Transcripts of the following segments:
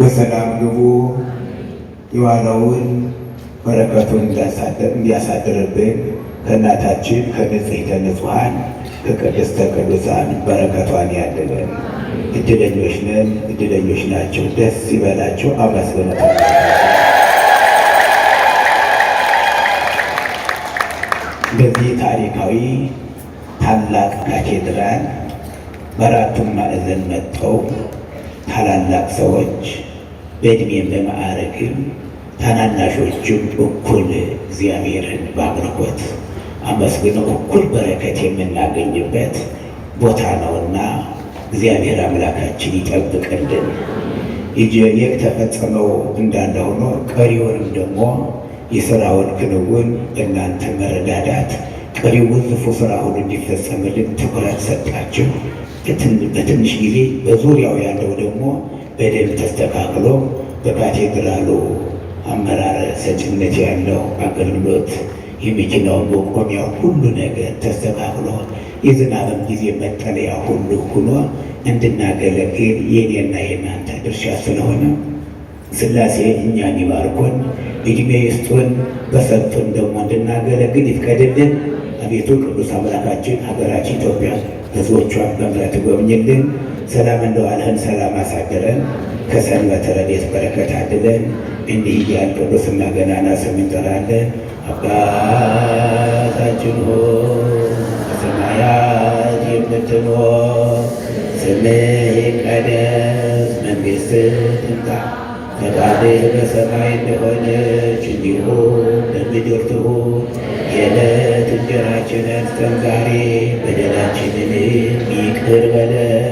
በሰላም ግቡ። የዋለውን በረከቱን እንዲያሳድርብን ከእናታችን ከንጽሕተ ንጹሐን ከቅድስተ ቅዱሳን በረከቷን ያድለን። እድለኞች ነን፣ እድለኞች ናቸው። ደስ ይበላቸው፣ አመስግኑት። እንደዚህ ታሪካዊ ታላቅ ካቴድራል በአራቱም ማዕዘን መጥተው ታላላቅ ሰዎች በእድሜም በማዕረግም ታናናሾችም እኩል እግዚአብሔርን በአምልኮት አመስግነው እኩል በረከት የምናገኝበት ቦታ ነውና እግዚአብሔር አምላካችን ይጠብቅልን። ይህ ተፈጸመው እንዳለ ሆኖ ቀሪውንም ደግሞ የስራውን ክንውን እናንተ መረዳዳት ቀሪውን ዝፉ ስራ ሁሉ እንዲፈጸምልን ትኩረት ሰጣችሁ። በትንሽ ጊዜ በዙሪያው ያለው ደግሞ በደንብ ተስተካክሎ በካቴድራሉ አመራር ሰጭነት ያለው አገልግሎት የመኪናው መቆሚያ ሁሉ ነገር ተስተካክሎ የዝናብም ጊዜ መጠለያ ሁሉ ሁኖ እንድናገለግል የኔና የእናንተ ድርሻ ስለሆነ ስላሴ እኛን ይባርኮን፣ እድሜ ይስጡን፣ በሰጡን ደግሞ እንድናገለግል ይፍቀድልን። አቤቱ ቅዱስ አምላካችን ሀገራችን ኢትዮጵያ ህዝቦቿን በምሕረት ጎብኝልን። ሰላም እንደዋልህን ሰላም አሳድረን ከሰንበት ረድኤት በረከት አድለን። እንዲህ እያል ቅዱስና ገናና ስም እንጠራለን። አባታችን ሆ በሰማያት የምትኖር ስምህ ይቀደስ፣ መንግሥትህ ትምጣ፣ ፈቃድህ በሰማይ እንደሆነች እንዲሁ በምድር ትሁን። የዕለት እንጀራችንን ስጠን ዛሬ፣ በደላችንን ይቅር በለን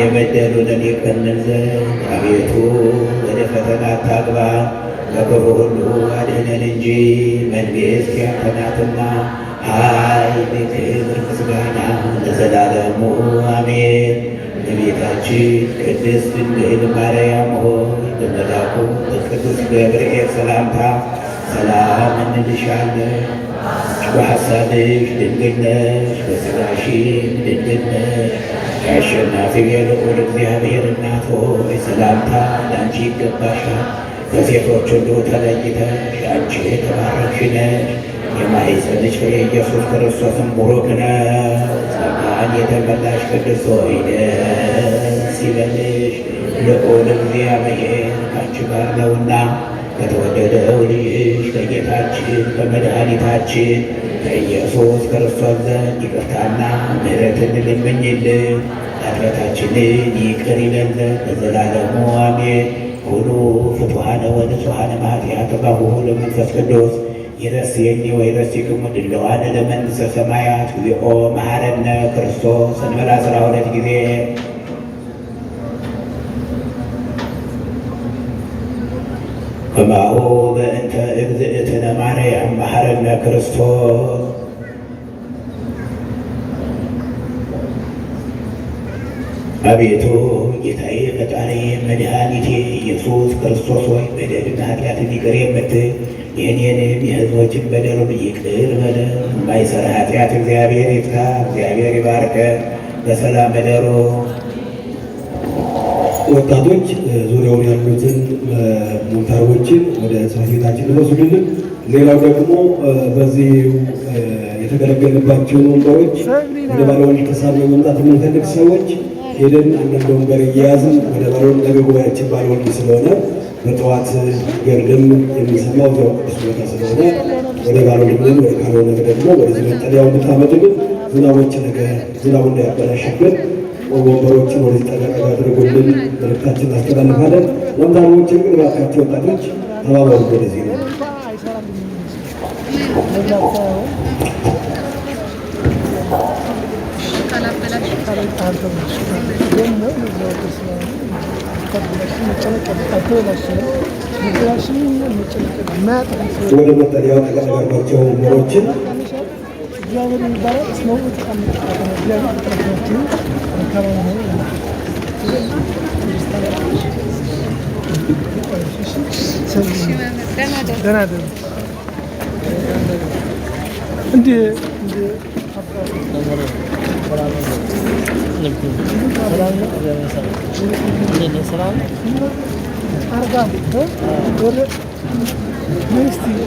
የበደሉንን ይቅርልን ዘንድ አቤቱ ወደ ፈተና አታግባን ከክፉ ሁሉ አድነን እንጂ መንግሥት ያንተ ናትና ኃይል፣ ክብር፣ ምስጋና ለዘላለሙ አሜን። እመቤታችን ቅድስት ድንግል ማርያም ሆይ በመልአኩ በቅዱስ ገብርኤል ሰላምታ ሰላም እንልሻለን። በሐሳብሽ ድንግል ነሽ፣ በሥጋሽም ድንግል ነሽ። የአሸናፊ የልዑል እግዚአብሔር እናት ሆይ ሰላምታ ለአንቺ ይገባሻል። ከሴቶች ሁሉ ተለይተሽ አንቺ የተባረክሽ ነሽ። የማኅፀንሽ ፍሬ ኢየሱስ ክርስቶስም ቡሩክ ነው። ጸጋን የተመላሽ ቅድስት ሆይ ደስ ይበልሽ፣ ልዑል እግዚአብሔር ከአንቺ ጋር ነውና በተወደደው ልጅሽ በጌታችን በመድኃኒታችን በኢየሱስ ክርስቶስ ዘንድ ይቅርታና ምሕረትን ልመኝልን ኃጢአታችንን ይቅር ይለን ዘንድ በዘላለሙ አሜን። ሁሉ ፍቱሐነ ወንጹሐነ ማኃጢአተ ባሁሁ ለመንፈስ ቅዱስ ይረስየኒ ወይረስክሙ ድለዋነ ለመንግሥተ ሰማያት ዊኦ መሐረነ ክርስቶስ እንበላ አስራ ሁለት ጊዜ እማሆ በእንተ እግዝእትነ ማርያም መሐረነ ክርስቶስ አቤቱ ጌታዬ ፈጣሪ መድኃኒቴ ኢየሱስ ክርስቶስ ሆይ በደልና ኃጢአትን ይቅር የምትል የእኔንም የሕዝቦችን በደሉ ይቅር በለ ማይሰራ ኃጢአት እግዚአብሔር ይፍታ። እግዚአብሔር ይባርከ። በሰላም እደሩ። ወጣቶች ዙሪያውን ያሉትን ሞንታሮችን ወደ ጽሕፈት ቤታችን እንወስድልን። ሌላው ደግሞ በዚህ የተገለገልባቸውን ወንበሮች ወደ ባለወንድ ተሳብ ለመምጣት የምንፈልግ ሰዎች ሄደን አንዳንድ ወንበር እየያዝን ወደ ባለወንድ ነገ ጉባኤያችን ባለወንድ ስለሆነ በጠዋት ገርድም የሚሰማው ቅዱስ ቦታ ስለሆነ ወደ ባለወንድ ብለን ወደ ካልሆነ ደግሞ ወደዚህ መጠለያው ብታመጡልን ዝናቦች ነገ ዝናቡ እንዳያበላሽብን ወንበሮችን ወደ ጠበቅ ያደረጉልን መልእክታችን አስተላልፋለን። ወንዳሮችን ግን እባካችሁ ወጣቶች ተባበሩ። ወደዚህ ነው ወደ መጠለያው ተቀመጣቸው ወንበሮችን Białego Dara znowu tam biały trafił, kawał Denedim. Denedim. Şimdi, şimdi Arda, böyle ne istiyor?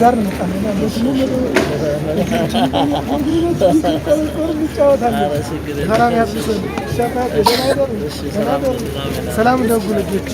ዳር ነው ሰላም ደጉ ልጆች